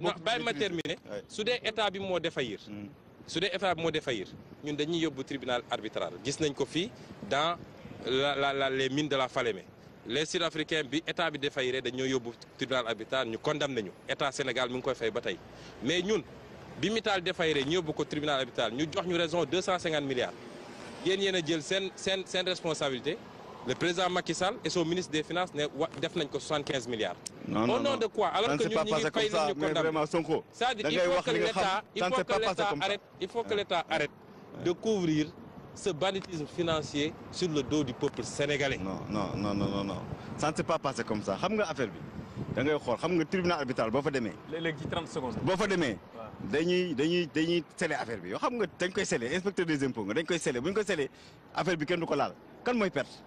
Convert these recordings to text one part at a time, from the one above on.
non bàyyi ma terminer su l'État état bi défaillir mm. su a état bi moo défaillir ñun dañuy tribunal arbitral gis nañ ko dans la la la les mines de la Falémé les sud-africains bi état bi défailliré dañoo au tribunal arbitral nous condamné ñu état Sénégal nous, ngi koy fay ba nous, mais ñun bi Mittal défailliré ñu aller ko tribunal arbitral Nous, jox ñu raison 250 milliards Il y a jël responsabilité le président Macky Sall et son ministre des Finances ne def nañ ko 75 milliards. non non au nom de quoi alors que ñun ñu ngi fay nañu ko ndam c'est-à-dire il faut que l'État il faut que l'État arrête il faut que l'État arrête de couvrir ce banditisme financier sur le dos du peuple sénégalais. non non non non non ça ne s'est pas passé comme ça xam nga affaire bi da ngay xool xam nga tribunal arbitral boo fa demee. léeg-léeg ci 30 secondes. boo fa demee. dañuy dañuy dañuy sele affaire bi yoo xam nga dañ koy sele inspecteur des impôts nga dañ koy sele bu ñu ko sele affaire bi kenn du ko kan mooy perte.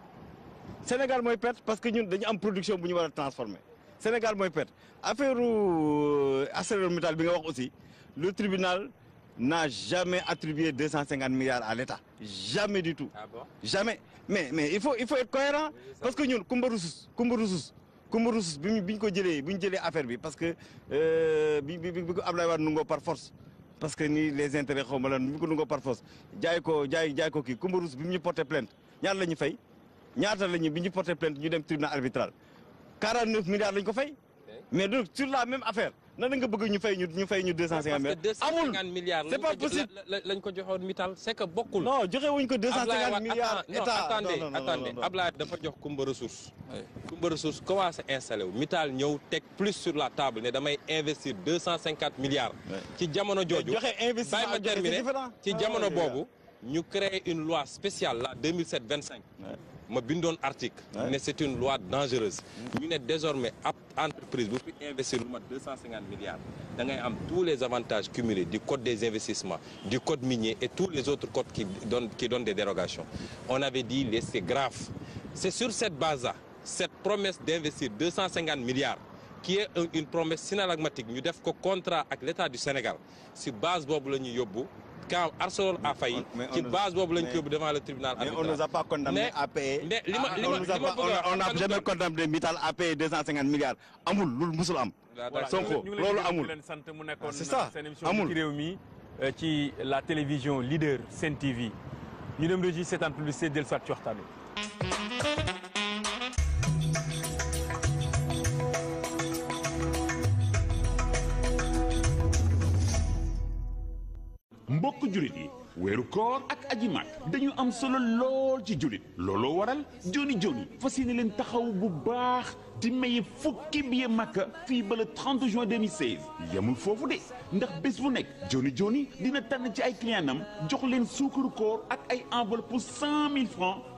Sénégal moy perte parce que ñun dañu am production bu ñu wara transformer Sénégal moy perte affaire euh, Metal bi nga wax aussi le tribunal n'a jamais attribué 250 milliards à l'État jamais du tout. Ah bon? jamais mais mais il faut il faut être cohérent oui, parce que ñun Kumba Rusus Kumba Rusus Kumba Rusus bi ko jëlé bi jëlé affaire bi parce que euh bi bi ko Wade nungoo par force. parce que ni les intérêts xaw ma nungo ko par force jaay ko jaay jaay ko ki Kumba Rusus bi mu ñu plainte ñaar lañu fay. ñaata la ñu bi ñu porté plainte ñu dem tribunal arbitral 49 milliards lañ ko fay. mais donc sur la même affaire nan nga bëgg ñu fay ñu ñu fay ñu 250 milliards. amul c'est pas possible lañ ko joxoon Mittal c'est bokkul. non joxe wuñ ko 250 milliards. état attendez attendez dafa jox Kumba ressource. Kumba ressource commencé installé wu Mittal ñëw teg plus sur la table ne damay investir 250 milliards. ci jamono jooju joxe investissement bàyyi ma terminer ci jamono ah boobu ñu créé une loi spéciale la 2007 25. ma article mais c'est une loi dangereuse ñu sommes désormais ab entreprise bu fi investir 250 milliards da ngay tous les avantages cumulés du code des investissements du code minier et tous les autres codes qui donnent qui donnent des dérogations on avait dit les c'est grave c'est sur cette base là cette promesse d'investir 250 milliards qui est une promesse synalagmatique nous devons ko contrat avec l'État du Sénégal sur base de la quand Arsenal a failli ci base boobu lañ ko devant le tribunal mais on ne nous a pas condamné à payer ah, on n'a jamais condamné Mittal à payer 250 milliards amul l'oul musul am Sonko amul ah, c'est ça amul euh, ci la télévision leader Sen TV ñu dem reji en publicité del soit ci mbokk jullit yi weeru koor ak aji màkk dañu am solo lool ci jullit looloo waral joni joni fas yéene leen taxaw bu baax di maye fukki billet màkka fii ba le 30 juin 2016 yemul foofu de ndax bés bu nekk joni joni dina tànn ci ay clientam jox leen suukaru koor ak ay enveloppe pour 100 000 francs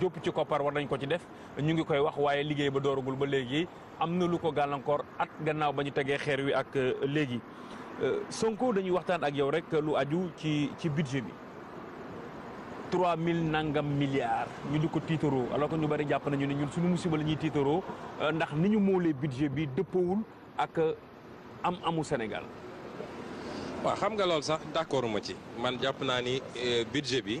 jópp ci koppar war nañ ko ci def ñu ngi koy wax waaye liggéey ba dooragul ba léegi am na lu ko gàllankoor at gannaaw ba ñu tegee xeer wi ak euh, léegi euh, Sonko dañuy waxtaan ak yow rek lu aju ci ci budget bi trois mille nangam milliards ñu di ko tiitaroo alors ko ñu bari jàpp nañu ne ñun suñu musiba la ñuy tiitaroo euh, ndax ni ñu moolee budget bi dëppawul ak am amu Sénégal waa xam nga loolu sax d'accord ma ci man jàpp naa ni budget bi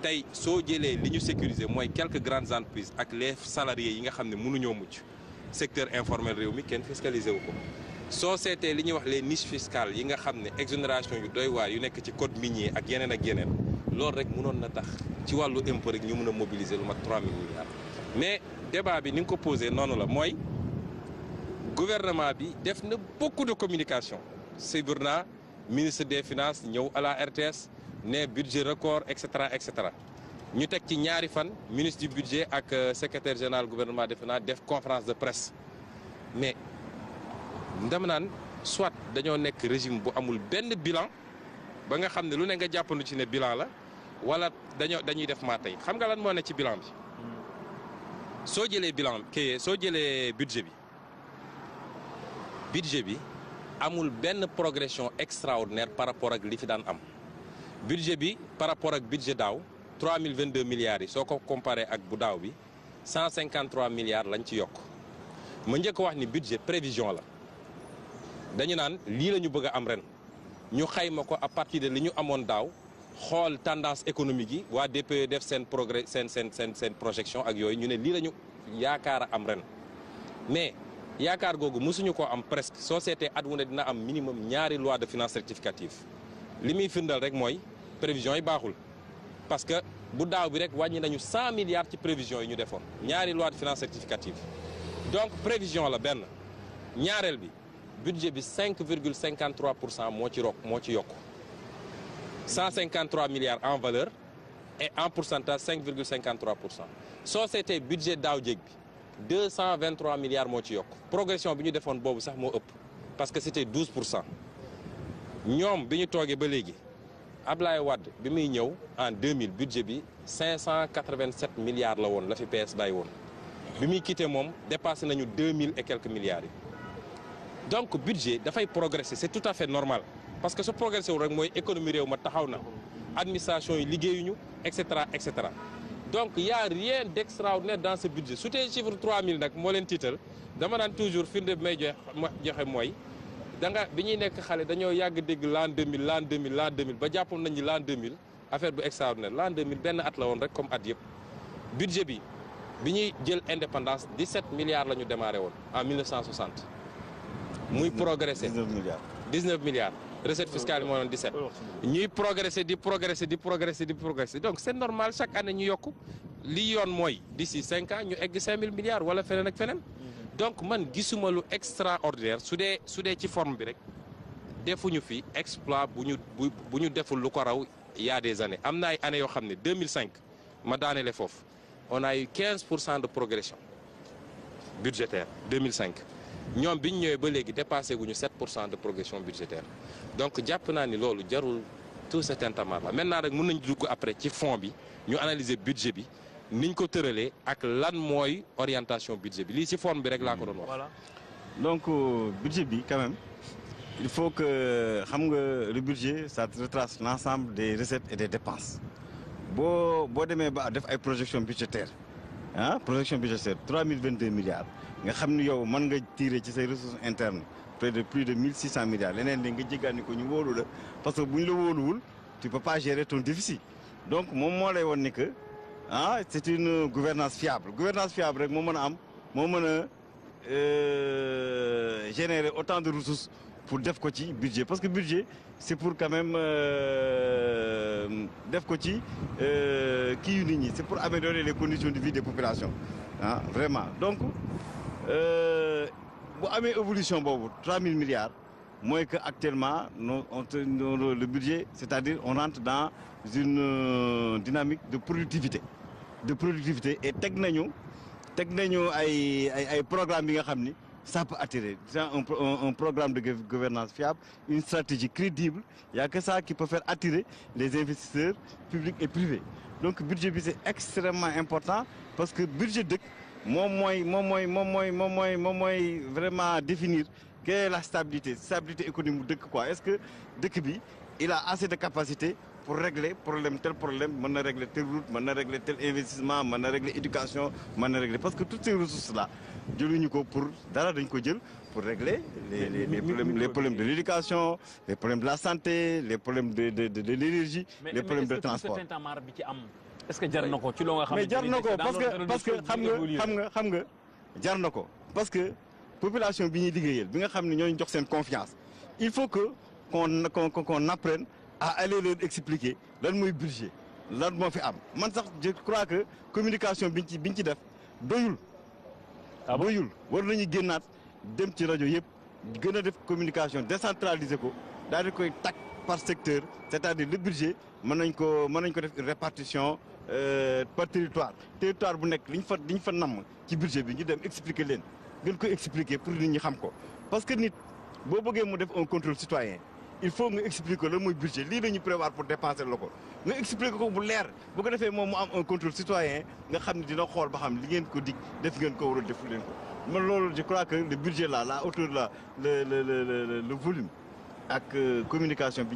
tay so jélé liñu sécuriser moy quelques grandes entreprises ak les salariés yi nga xamné ne mënuñoo mucc secteur informel réew mi kenn fiscalisé wu ko soo seetee li wax les niches fiscales yi nga xamné ne exonération yu doy waar yu nekk ci code minier ak yenen ak yenen lool rek mënon na tax ci walu impôt rek ñu mëna a mobiliser lu mat 3000 milliards mais débat bi ni ko posé nonu la moy gouvernement bi def na beaucoup de communication C'est naa ministre des finances ñëw à la RTS Né budget record etc. Nous ñu ministre du budget le euh, secrétaire général gouvernement conférence de presse mais ndam soit dañoo régime bu amul bilan ba nga avons lu ne nga bilan la wala dañoo dañuy def xam nga ne ci bilan bi bilan soo budget bi budget bi amul progression extraordinaire par rapport ak li fi budget bi par rapport ak budget daaw 3022 milliards yi soo ko comparee ak bu daaw bi 153 milliards lañ ci yokk ma njëkk wax ni budget prévision la dañu naan lii la ñu bëgg a am ren ñu xayma ko à partir de li ñu amoon daaw xool tendance économique yi waa DPE def seen progrès seen seen seen seen projection ak yooyu ñu ne lii la ñu yaakaar a am ren mais yaakaar googu mësuñu ko am presque soo seetee at wu ne dina am minimum ñaari loi de finances rectificative li muy c'est rek les prévision yi parce que bu avons bi rek 100 milliards de prévisions yi ñu defoon ñaari loi de finances certificatives. donc prévision la benn le budget est 5,53% 5,53% 153 milliards en valeur et en pourcentage 5,53% Société budget daaw 223 milliards de ci progression bi ñu des fonds sax parce que c'était 12 nous avons vu ba légui Ablaye Wade bi muy ñew en 2000 budget bi 587 milliards la won, la fi PS bay won bi muy quitté dépassé nañu 2000 et quelques milliards Donc le budget fay progresser c'est tout à fait normal parce que ce progresser, est rek moy économie réew ma taxaw na administration yi ñu etc. etc a rien d'extraordinaire dans ce budget Sous tes chiffre 3000 nak mo len toujours firnde bi may joxe moy da nga bi ñuy nekk xale dañoo yàgg dégg l'an 2000 l'an 2000 l'an 2000 ba jàppoon nañ ni l'an 2000 affaire bu extraordinaire benn at la woon rek comme at yëpp budget bi bi ñuy jël indépendance 17 milliards la ñu démarré woon en 1960. muy progressé 19 milliards 19 milliards. recette fiscale bi on doon 17. ñuy progressé di progressé di donc c'est normal chaque année ñu yokk li yoon mooy d'ici 5 ans ñu egg 5000 milliards wala feneen ak feneen. donc man gisuma lu extraordinaire sous des ci forme bi rek defuñu fi exploit buñu buñu y a des années En ay années 2005 ma on a eu 15 de progression budgétaire 2005 nous avons dépassé 7 de progression budgétaire donc nous avons ni jarul tout cet tintamarre maintenant nous avons nañ dugg après ci fond bi ñu analyser budget niñ ko tëralee ak lan moy orientation budget bi li ci forme bi rek la ko doon wax. donc euh, budget bi quand même il faut que xam nga le budget ça retrace l'ensemble des recettes et des dépenses bo bo démé ba def ay projection budgétaire ah hein, projection budgétaire 3022 milliards nga xam ni yow man nga tirer ci ressources internes près de plus de 1600 milliards leneen li nga jéggaani ko ñu wóolu la parce que buñ la la wul tu peux pas gérer ton déficit donc mon mo lay won ni que. Ah, c'est une gouvernance fiable gouvernance fiable c'est que euh, générer autant de ressources pour def budget parce que budget c'est pour quand même euh, def qui euh, c'est pour améliorer les conditions de vie des populations ah, vraiment donc bu une évolution 3 3000 milliards moins qu'actuellement, actuellement le budget c'est-à-dire on rentre dans une dynamique de productivité de productivité et tek nañu tek nañu ay ay programme yi ça peut attirer un, programme de gouvernance fiable une stratégie crédible il y a que ça qui peut faire attirer les investisseurs publics et privés donc le budget est c'est extrêmement important parce que le budget de vraiment définir quelle est la stabilité stabilité économique de quoi est-ce que le il a assez de capacités pour régler problème tel problème mën régler telle route mën régler tel investissement mën régler éducation mën régler parce que toutes ces ressources là je ko pour dara dañ ko pour régler les les les problèmes les problèmes de l'éducation les problèmes de la santé les problèmes de de de de l'énergie les problèmes de transport est-ce que ko ci nga mais jar ko parce que parce que xam nga xam nga xam nga parce que population bi ñuy bi nga xam confiance il faut que qu'on qu'on qu'on apprenne à aller leur expliquer lan moy budget lan moo fi am man sax je crois que communication biñ ci biñ ci def doyul. ah doyul war nañu gennat dem ci radio yépp gën a def communication décentralisé ko daal di koy tag par secteur c'est-à-dire le budget mën nañ ko mën nañ ko def répartition répartition euh, par territoire territoire bu nekk liñ fa liñ fa namm ci budget bi ñu dem expliquer leen gën ko expliquer pour nit ñi xam ko parce que nit boo bëggee mu def un contrôle citoyen il faut m'expliquer expliquer le budget prévoir pour dépenser le expliquer bu Si bu ko un contrôle citoyen nga dina ba xam li ngeen je crois que le budget là là le le le le volume euh, communication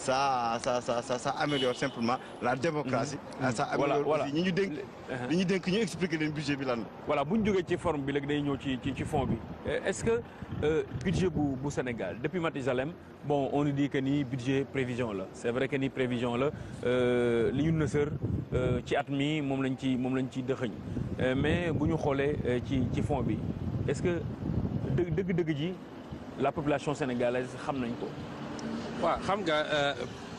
ça, ça, ça, ça, ça améliore simplement la démocratie. Mhm. Ah, ça améliore voilà ñi ñu dénk li uh-huh. ñu dénk ñu expliquer le budget bi voilà bu ñu jógee ci forme bi léegi day ñëw ci ci fond bi eh, est-ce que euh, budget bu bu Sénégal depuis Matizalem bon on nous dit que ni budget prévision là c'est vrai que ni prévision la euh, li ñu nësër euh, ci at mi moom lañ ci moom lañ ci mais bu ñu xoolee ci ci fond bi est-ce que dëgg dëgg dëgg ji la population sénégalaise xam nañ ko wa xam nga euh,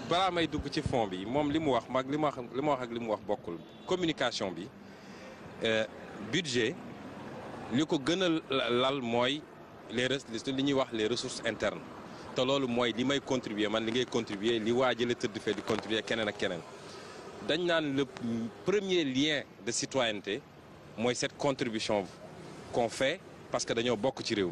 le may ci fond bi wax communication euh, budget li les les ressources internes te loolu mooy li contribuer man li contribuer li contribuer le premier lien de citoyenneté mooy cette contribution qu'on fait parce que dañoo beaucoup ci réew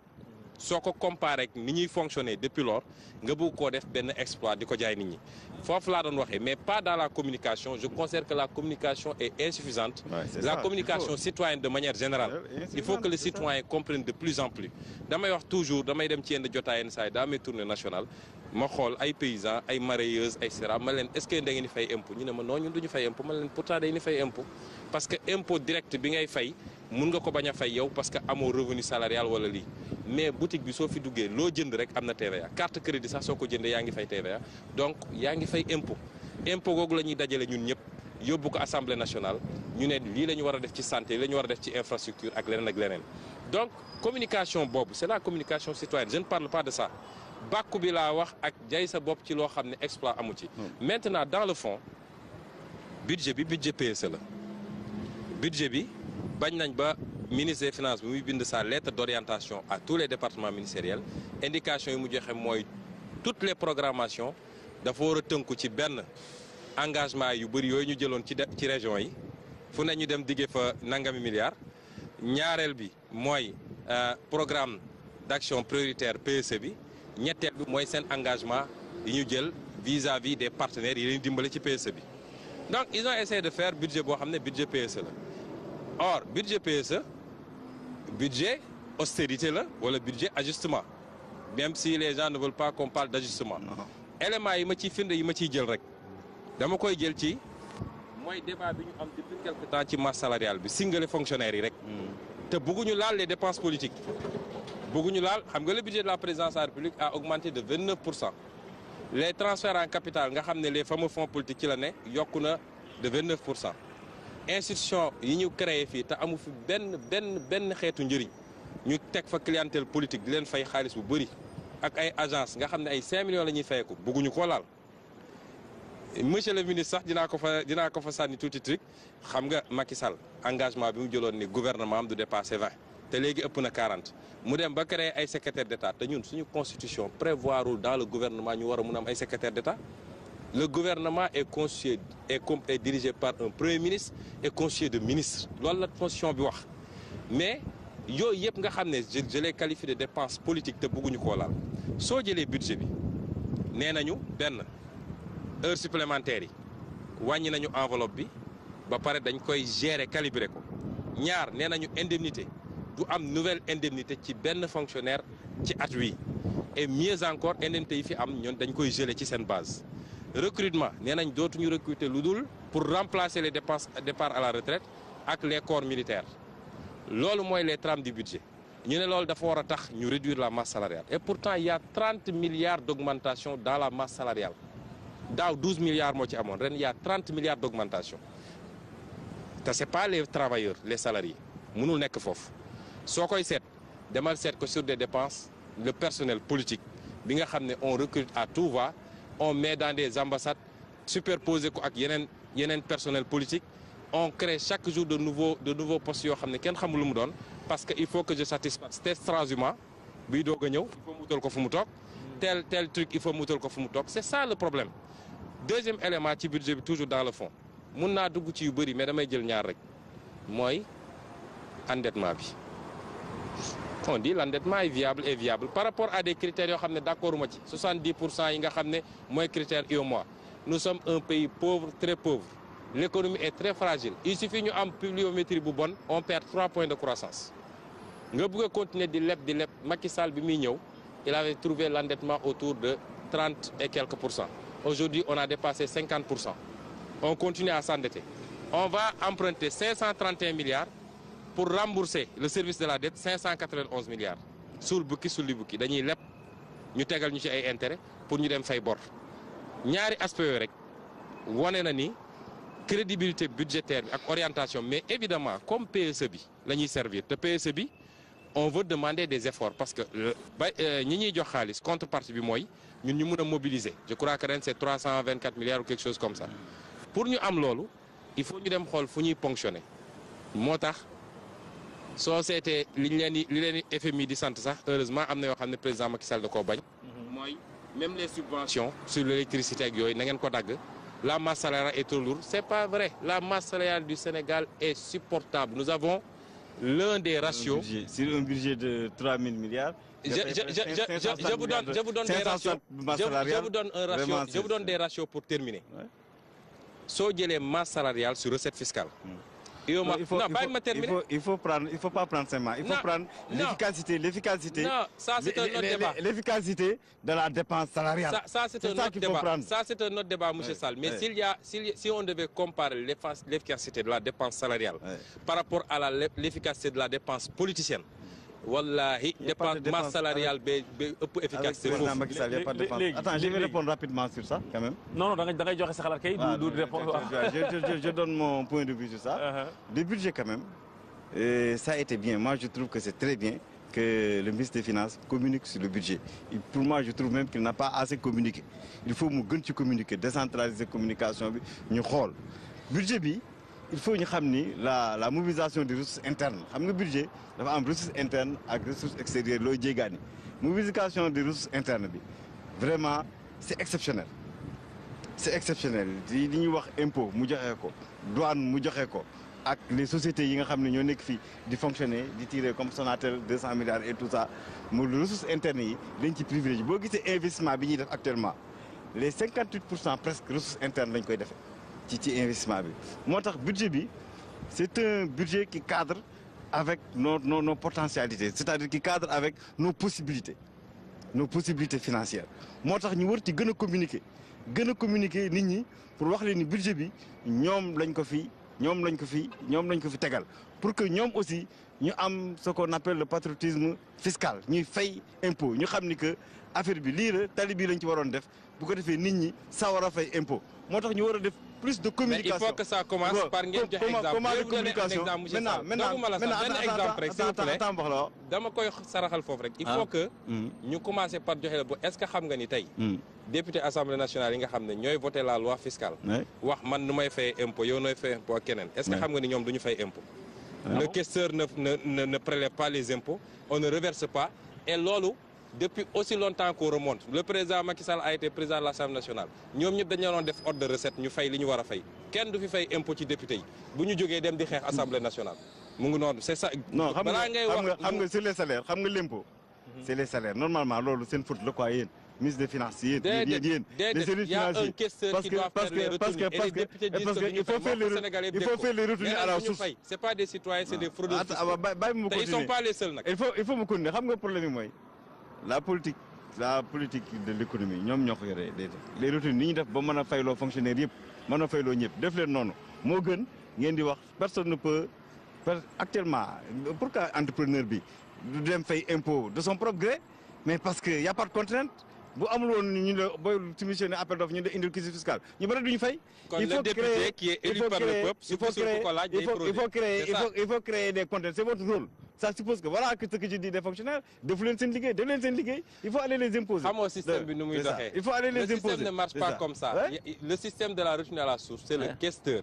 soo ko comparé ak ni ñuy fonctionner depuis lors nga bëgg koo def benn exploit di ko jaay nit ñi foofu laa mais pas dans la communication je considère que la communication est insuffisante la communication citoyenne de manière générale il faut que les citoyens comprennent de plus en plus damay wax toujours damay dem ci yenn jotaay yenn saa yi daa may ma xool ay paysans ay maraïeuses, et est-ce que da ngeen di fay impôt ñu ne ma non ñun du ñu fay impôt ma leen pourtant fay impôt parce que impôt direct bi ngay fay mën nga ko bañ a fay yow parce que amoo revenu salarial wala lii mais boutique bi soo fi duggee loo jënd rek am na TVA carte crédit sax soo ko jëndee yaa ngi fay TVA donc yaa ngi fay impôt impôt googu la ñuy dajale ñun ñëpp yóbbu ko assemblée nationale ñu ne lii la ñu war a def ci santé lii la ñu war a def ci infrastructure ak leneen ak leneen donc communication boobu c'est la communication citoyenne je ne parle pas de ça bàkku bi laa wax ak jaay sa bopp ci loo xam ne exploit amu ci. Hmm. maintenant dans le fond budget bi budget PSE la budget bi bañ nañ ba ministre des finances bi muy bind sa lettre d'orientation à tous les départements ministériels indication yi mu joxe mooy toutes les programmations dafa war a tënku ci benn engagement yu bëri yooyu ñu jëloon ci ci région yi fu ne ñu dem diggee fa nangami milliards ñaareel bi mooy euh, programme d'action prioritaire PSE bi ñetteel bi mooy seen engagement yi ñu jël vis-à-vis des partenaires yi leen dimbale ci PSE bi donc ils ont essayé de faire budget boo xam ne budget PSE la or budget PSE hein? budget austérité ou le budget ajustement même si les gens ne veulent pas qu'on parle d'ajustement Élément, yi ma ciy firnde yi ma ciy jël rek dama koy ci débat depuis quelques temps ci masse salariale bi fonctionnaire yi rek hmm. te laal les dépenses politiques laal xam le budget de la présidence de la République a augmenté de 29 les transferts en capital nga les fameux fonds politiques ils la de 29 institution yi ñu créé fii te amu fi benn benn benn xeetu njëriñ ñu teg fa clientèle politique di leen fay xaalis bu bëri ak ay agence nga xam ne ay 5 millions la ñuy fayeeku bëgguñu ko laal. monsieur le ministre sax dinaa ko fa dinaa ko fa sànni tuuti truc xam nga Macky Sall engagement bi mu jëloon ni gouvernement am du dépasser 20 te léegi ëpp na 40 mu dem ba créé ay secrétaire d' état te ñun suñu constitution prévoirul dans le gouvernement ñu war a mun am ay secrétaire d' état. Le gouvernement est, dirigé par un premier ministre et conseiller de ministres. Voilà la fonction. Mais, je, les qualifié de dépenses politiques de Bougounikola. Si budgets. le budget, nous ben heure supplémentaire. Nous avons enveloppe, nous avons gérer, calibrer. a une indemnité. Nous a une nouvelle indemnité qui est fonctionnaire qui est Et mieux encore, indemnité qui est gelée sur base recrutement nous avons dootuñu recruter pour remplacer les dépenses départ à la retraite avec les corps militaires qui est les trames du budget Nous, avons réduire la masse salariale et pourtant il y a 30 milliards d'augmentation dans la masse salariale Dans 12 milliards il y a 30 milliards d'augmentation ne c'est pas les travailleurs les salariés mënul pas pas. Ce Ce qu'on sait, c'est que sur des dépenses le personnel politique on recrute à tout va on met dans des ambassades superposées avec yenen yenen personnel politique on crée chaque jour de nouveaux de nouveaux postes yo xamné ken xamul lu parce qu'il faut que je satisfasse Test un bi il faut que ko fu mu tel tel truc il faut que je ko fu mu c'est ça le problème deuxième élément ci budget bi toujours dans le fond mun na dugg ci yu bari mais damay jël ñaar rek moy endettement bi on dit l'endettement est viable et viable par rapport à des critères d'accord 70 moins de critères nga nous sommes un pays pauvre très pauvre l'économie est très fragile il suffit ñu am pluviométrie bu bonne on perd 3 points de croissance nga pouvons continuer di de di Macky il avait trouvé l'endettement autour de 30 et quelques aujourd'hui on a dépassé 50 on continue à s'endetter on va emprunter 531 milliards pour rembourser le service de la dette 591 milliards sur le book, sur dañuy leb nous avons ñu ci ay intérêt pour ñu dem fay bor ñaari aspect rek wane crédibilité budgétaire et orientation mais évidemment comme PSEB, bi la servir te e on veut demander des efforts parce que nous, euh, ñi ñuy jox contreparties. contrepartie bi Moy, mobiliser je crois que c'est 324 milliards ou quelque chose comme ça pour nous, am il faut nous dem xool fonctionner so c'était liñ leen FMI di centre, heureusement am na yoo xam président Macky Sall da mhm. même les subventions sur l'électricité, la masse salariale est trop lourde c'est pas vrai la masse salariale du Sénégal est supportable nous avons l'un des ratios. sur un budget de 000 milliards. je vous donne je vous donne des ratios je vous donne un ratio je vous donne des ratios pour terminer. soo les masse salariale sur recette fiscale. Mm. Il faut, faut, prendre, il faut pas prendre seulement. Il faut prendre l'efficacité, l'efficacité. L'efficacité de la dépense salariale. Ça, c'est un, autre débat. Ça c'est un autre débat, Mais si on devait comparer l'efficacité de la dépense salariale par rapport à l'efficacité de la dépense politicienne, wallahi dépense salariale peu efficace attends je vais répondre rapidement sur ça quand même non non da je donne mon point de vue sur ça uh-huh. le budget quand même euh, ça a été bien moi je trouve que c'est très bien que le ministre des Finances communique sur le budget. pour moi, je trouve même qu'il n'a pas assez communiqué. Il faut que nous communiquer, décentraliser la communication. Nous, le budget, il faut que nous la mobilisation des ressources internes xam le budget dafa des ressources internes des ressources extérieures la mobilisation des ressources internes vraiment c'est exceptionnel c'est exceptionnel Les impôts, les wax les sociétés qui nga qui tirent ñoo fonctionner tirer comme 200 milliards et tout ça Les ressources internes yi dañ ci privilégié vous avez investissement bi actuellement les 58 presque ressources internes lañ koy investissement budget c'est un budget qui cadre avec nos nos nos potentialités c'est-à-dire qui cadre avec nos possibilités nos possibilités financières Nous devons ñu communiquer gën a communiquer nit pour wax leen ni budget bi ñoom lañ ko fi ñoom lañ ko fi ñoom lañ ko pour que nous aussi ñu am ce qu'on appelle le patriotisme fiscal nous fay impôt ñu nous ni que affaire bi lii la tali bii lañ ci bu ko defee nit ñi sawar a fay impôt moo ñu war def plus de communication mais il faut que ça commence par ngeen joxe exemple comment la communication maintenant maintenant benn exemple rek s'il vous dama koy saraxal foofu rek. il faut ah. que. Hmm. ñu commencer par joxe bu est-ce que xam nga ni tey. Hmm. député assemblée nationale yi nga xam ne voter la loi fiscale. wax man nu may fay impôt yow nooy fay impôt ak keneen. est-ce que xam nga ni ñoom du fay impôt. Ah le questeur ne ne ne prélève pas les impôts on ne reverse pas et l'OLU, depuis aussi longtemps qu'on remonte le président Macky Sall a été président de l'Assemblée nationale Nous avons fait des def ordre de recette ñu fay li ñu war a fay kenn du fi fay impôt ci député yi bu ñu jógee dem di nationale c'est ça. non xam nga xam nga c'est les salaires xam nga l'impôt mhm. c'est les salaires normalement c'est seen faute le quoi mise des finances des yéen yéen les services financiers parce que parce que parce que parce que parce que il faut faire les il faut faire les retenues à la source c'est pas des citoyens c'est des ah, fraudeurs. Ah, bah, bah, bah, ils ne ils sont pas les seuls il faut il faut ma continuer xam nga problème yi la politique la politique de l'économie ñom ñoko ko yore les routines ni ñu def ba mëna faylo fonctionnaire yépp mëna faylo fayloo ñëpp def leen nonu mo gën ngeen di wax personne ne peut actuellement pourquoi entrepreneur bi du dem fay impôt de son propre gré mais parce que y a pas de contrainte bu amul woon ñu ne booy soumissionné appel d'offre ñu ne indil casier fiscal ñu bëri duñu fay. il faut créer il faut créer il faut créer il faut il faut créer il faut il faut créer des contraintes c'est votre rôle. ça suppose que voilà que ce que je dis des fonctionnaires de fulen sen liguey de len sen liguey il faut aller les imposer. xamoo système bi nu muy doxé il faut aller les imposer le système ne marche pas comme ça. le système de la retenue à la source. c'est le questeur.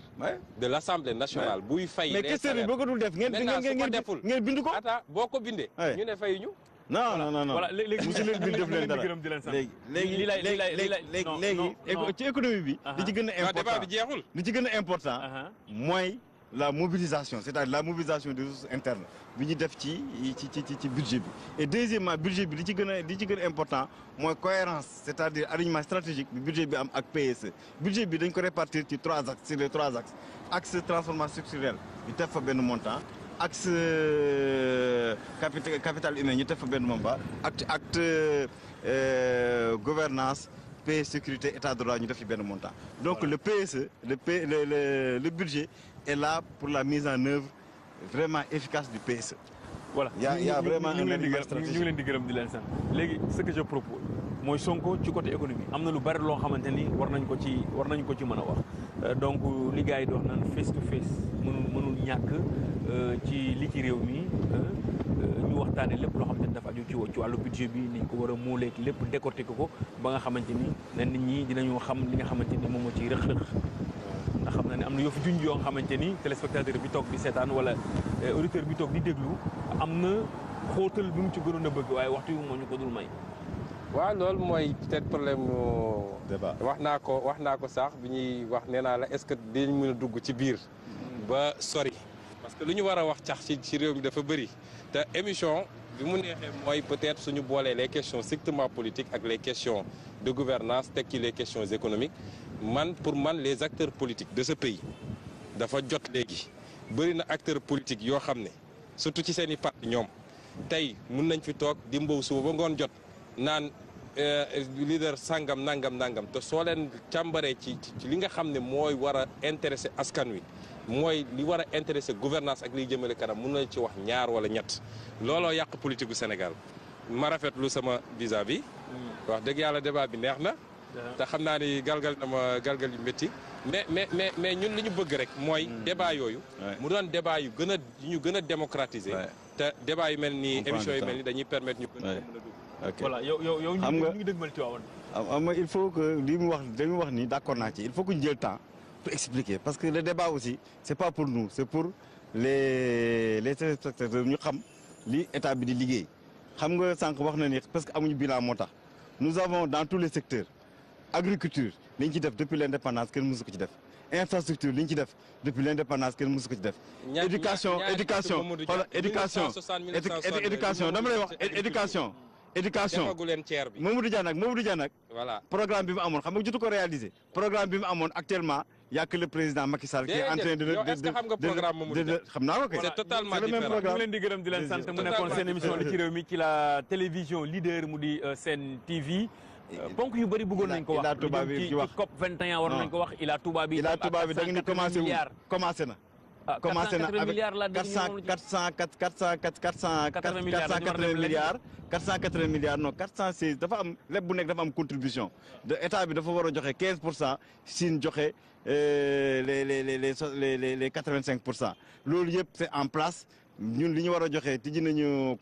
de l'Assemblée nationale bu fay. mais questeur bi bëggul def ngeen ngeen ngeen ngeen bind ko. attends boko ko bindee. ñu ne fayuñu non non non non. voilà les, les, leen bind def leen Les, les, les, les, les, les. économie bi. Ah, ah. li ci gën a important C'est ci important. mooy la mobilisation c'est-à-dire la mobilisation des ressources internes bi ñu def ci ci ci ci budget et deuxièmement budget bi li ci gën important cohérence c'est-à-dire alignement stratégique du budget bi am ak PSE. budget bi dañ ko trois axes sur les trois axes axe transformation structurelle ñu faire fa benn montant axe euh, capital humain ñu def bien. benn acte acte euh, gouvernance paix sécurité état de droit ñu def ci montant. donc le PSE le le le budget est là pour la mise en œuvre vraiment efficace du PSE. voilà Il y a vraiment une stratégie ñu leen ce que je propose. mooy Sonko ci côté économique am na lu bari loo xamante ni war nañ ko ci war nañ ko ci mën a wax euh, donc li gars yi di wax naan face to face mënul mënul ñàkk euh, ci li ci réew mi euh, ñu waxtaane lépp loo xamante ni dafa aju ci ci wàllu budget bi niñ ko war a muuleeg lépp décorté ko ba nga xamante ni ne nit ñi dinañu xam li nga xamante ni moom moo ciy rëq-rëq ndax xam na ni am na yoo fi junj yoo nga xamante ni téléspectateur bi toog di seetaan wala auditeur bi toog di déglu am na xóotal bi mu ci gënoon a bëgg waaye waxtu yu moo ñu ko dul may waaw loolu mooy peut-être problème débat wax naa ko wax naa ko sax bi ñuy wax nee naa la est-ce que dinañ mën a dugg ci biir. ba sori. parce que lu ñu war a wax cax ci ci réew mi dafa bëri te émission bi mu neexee mooy peut-être suñu boolee les questions strictement politiques ak les questions de gouvernance teg ci les questions économiques man pour man les acteurs politiques de ce pays dafa jot léegi bëri na acteurs politiques yoo xam ne surtout ci seen i parti ñoom tey mun nañ fi toog di suba ba ngoon jot. naan euh, leader sangam nangam nangam te soo leen càmbaree ci ci li nga xam ne mooy war a askan wi mooy li war a intéressé gouvernance ak liy jëmale kanam mun na ci wax ñaar wala ñett looloo yàq politique gu Sénégal ma rafetlu sama vis-à-vis mm. wax dëgg yàlla débat bi neex na te xam naa ni galgal na ma galgal yu métti mais mais mais ñun li ñu bëgg rek mooy mm. débat yooyu mu doon débat yu gën a yu ñu gën a démocratiser te débat yu mel ni émission yu mel ni dañuy permettre ñu gën a voilà ah, ah, il faut que li mu wax d'accord il faut que ñu temps pour expliquer parce que le débat aussi c'est pas pour nous c'est pour les les téléspectateurs ñu xam li état bi parce que amuñu bilan nous avons dans tous les secteurs agriculture liñ depuis l'indépendance kenn mësu ko ci infrastructure li depuis l'indépendance kenn mësu ko ci def. éducation éducation éducation éducation dama éducation. éducation defagu leen ceer bi Mamadou Dia nag Mamadou Dia nag. voilà programme bi mu amoon xam nga jotu ko réaliser. programme bi mu amoon actuellement y' a que le président Macky Sall. qui en train de de de de xam naa ko kay. c'est totalement différent le même programme mu leen di gërëm di leen sant TV. Euh, euh, ponk yu bëri bëggoon wax. Ila Touba Ila Touba bi. Ila Touba bi commencé na. 400 ah, 480 milliards 480 milliards non 416 dafa am lepp bu contribution de état bi 15 euh, les 85 Le lieu en place. ñun li ñu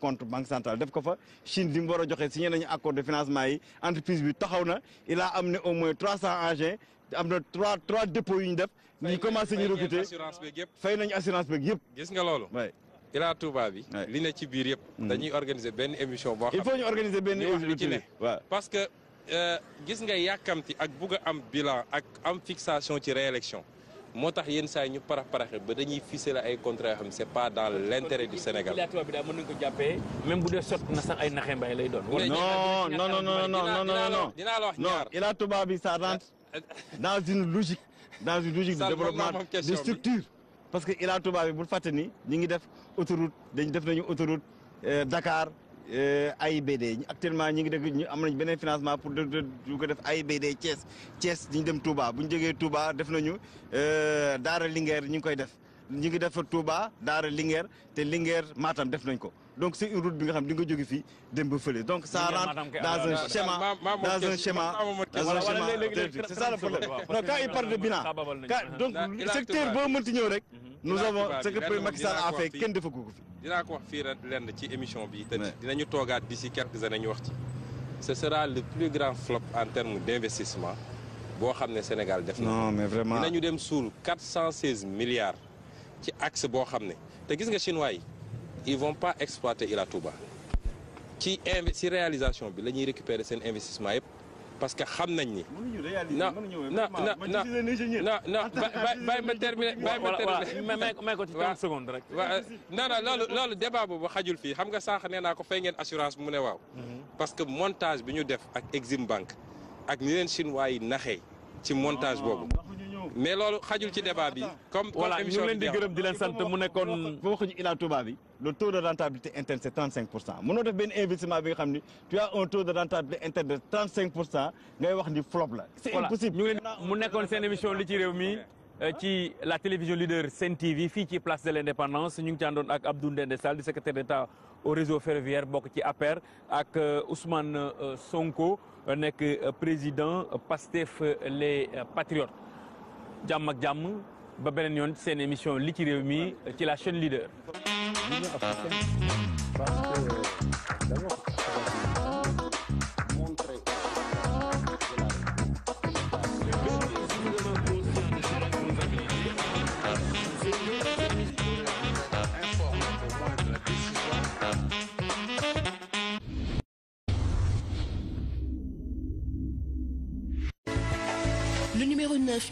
un banque centrale accord de financement yi entreprise il a amené au moins 300 agents am na 3 3 dépôt yi ñu def ñi commencé ñu recruter fay nañ assurance bi yépp gis nga loolu ouais ila touba bi li ne ci biir yépp hmm. dañuy organiser benn émission boo xam il faut ñu organiser benn émission waaw parce que euh, gis nga yàkkamti ak bugg a am bilan ak am fixation ci réélection moo tax yenn saa ñu paraparaxe ba dañuy ficelé ay contrat yoo xam c' est pas dans l' intérêt du sénégal ila touba bi daal mën nañ ko jàppee même bu dee sot na sax ay naxe mbay lay doon non non non non non non non non dinaa la wax ñaar ila touba bi ça rentre dans une logique dans une logique de développement de structure parce que Ila Touba bi bul fàtte ni ñu ngi def autoroute dañ def nañu autoroute euh, Dakar euh, AIBD actuellement ñi ngi def ñu am nañ beneen financement pour du ko def AIBD Thiès Thiès diñ dem Touba bu ñu jógee Touba def nañu euh, Daara Linguère ñu ngi koy def ñi ngi defar Touba Daara Linguère té Linguère Matam def nañ ko donc c'est une route bi nga xam di nga jóge fi dem ba feulé donc ça rentre ah, ah, dans un schéma dans un schéma dans un schéma c'est ça le problème non quand il parle de Bina, donc secteur boo mënti ñew rek nous avons ce que président Macky Sall a fait kenn defa ko ko fi dina ko wax fi ren lenn ci émission bi dinañu toogaat d'ici quelques années ñu wax ci ce sera le plus grand flop en termes d'investissement bo xamné Sénégal def na non mais vraiment dinañu dem sur 416 milliards ci axe bo xamné chinois ils vont pas exploiter Ila Touba ci réalisation bi récupérer investissement parce que xamnañ ni. non, non. non terminer terminer. non non non débat assurance mhm. parce que montage bi ñu Bank montage mais alors, ci débat bi. comme voilà nous le taux de rentabilité interne c'est 35 Si vous avez investissement tu as un taux de rentabilité interne de 35 Vous avez un flop c'est impossible Nous ñu émission euh, la télévision leader Sen qui est place de l'indépendance Nous avons ci àndoon Abdou secrétaire d'État au réseau ferroviaire qui appelle APR euh, Ousmane euh, Sonko nekk président Pastef les Patriotes jàmm ak jàmm ba beneen yon sen émission li ci réew mi la chaîne leader.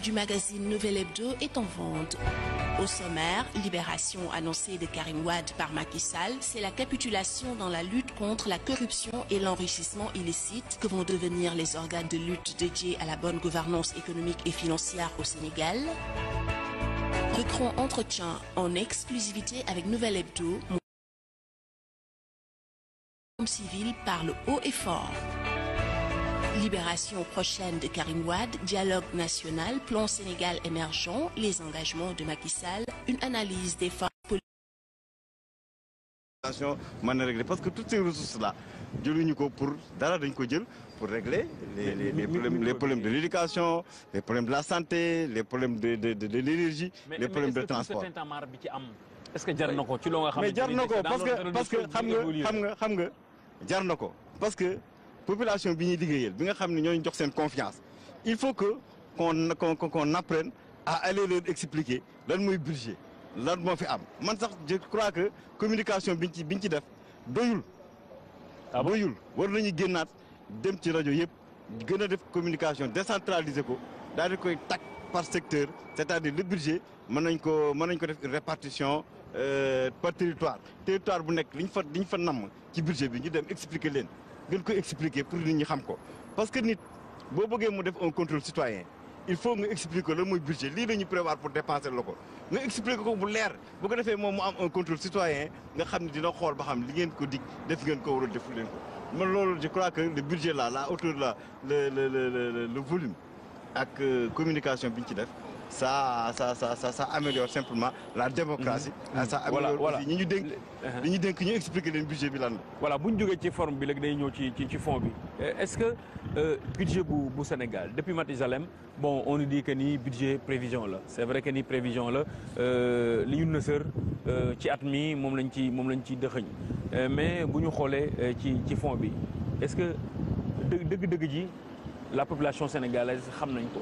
du magazine Nouvelle Hebdo est en vente. Au sommaire, libération annoncée de Karim Wad par Macky Sall, c'est la capitulation dans la lutte contre la corruption et l'enrichissement illicite que vont devenir les organes de lutte dédiés à la bonne gouvernance économique et financière au Sénégal. Recron entretien en exclusivité avec Nouvelle Hebdo. Civil parle haut et fort. Libération prochaine de Karim Wad, dialogue national, plan Sénégal émergent, les engagements de Macky Sall, une analyse des forces politiques. Parce que toutes ces ressources-là, pour régler les, les, problèmes, de l'éducation, les problèmes de la santé, les problèmes de, de, l'énergie, les problèmes de transport. Est-ce que tu l'as Mais Jarnoko, parce que, parce que, population bi ñuy liggéeyal bi nga xam ne jox confiance il faut que qu'on qu'on qu'on apprenne à aller leur expliquer lan mooy budget leur moo fi am man sax je crois que communication biñ ci biñ ci def doyul. aboyul ah doyul war nañu génnaat dem ci rajo yëpp gën def communication décentralisée ko daal di koy tag par secteur c'est-à-dire le budget mën nañ ko nañ ko def une répartition. Euh, par territoire territoire bu nekk li fa fa ci budget bi ñu dem expliquer leen gën ko expliquer pour nit ñi xam ko parce que nit boo bëggee mu def un contrôle citoyen il faut nga expliquer ko lan mooy budget lii la ñu prévoir pour dépenser la ko nga expliquer ko bu leer bu ko defee moom mu am un contrôle citoyen nga xam ne dina xool ba xam li ngeen ko dig def ngeen ko war a defu leen ko man loolu je crois que le budget là la hauteur là le le le le volume ak euh, communication biñ ci def ça, ça, ça, ça, améliore simplement la démocratie. Mhm. Ah, ça améliore aussi ñi ñu dénk li uh-huh. ñu dénk ñu expliquer leen budget bi lan voilà bu ñu jógee ci forme bi léegi day ñëw ci ci ci fond bi eh, est-ce que euh, budget bu bu Sénégal depuis Mathusalem bon on nous dit que ni budget prévision la c'est vrai que ni prévision la euh, li ñu nësër euh, ci at mi moom lañ ci moom lañ ci dëxëñ mais bu ñu xoolee ci ci fond bi est-ce que dëgg dëgg ji la population sénégalaise xam nañ ko.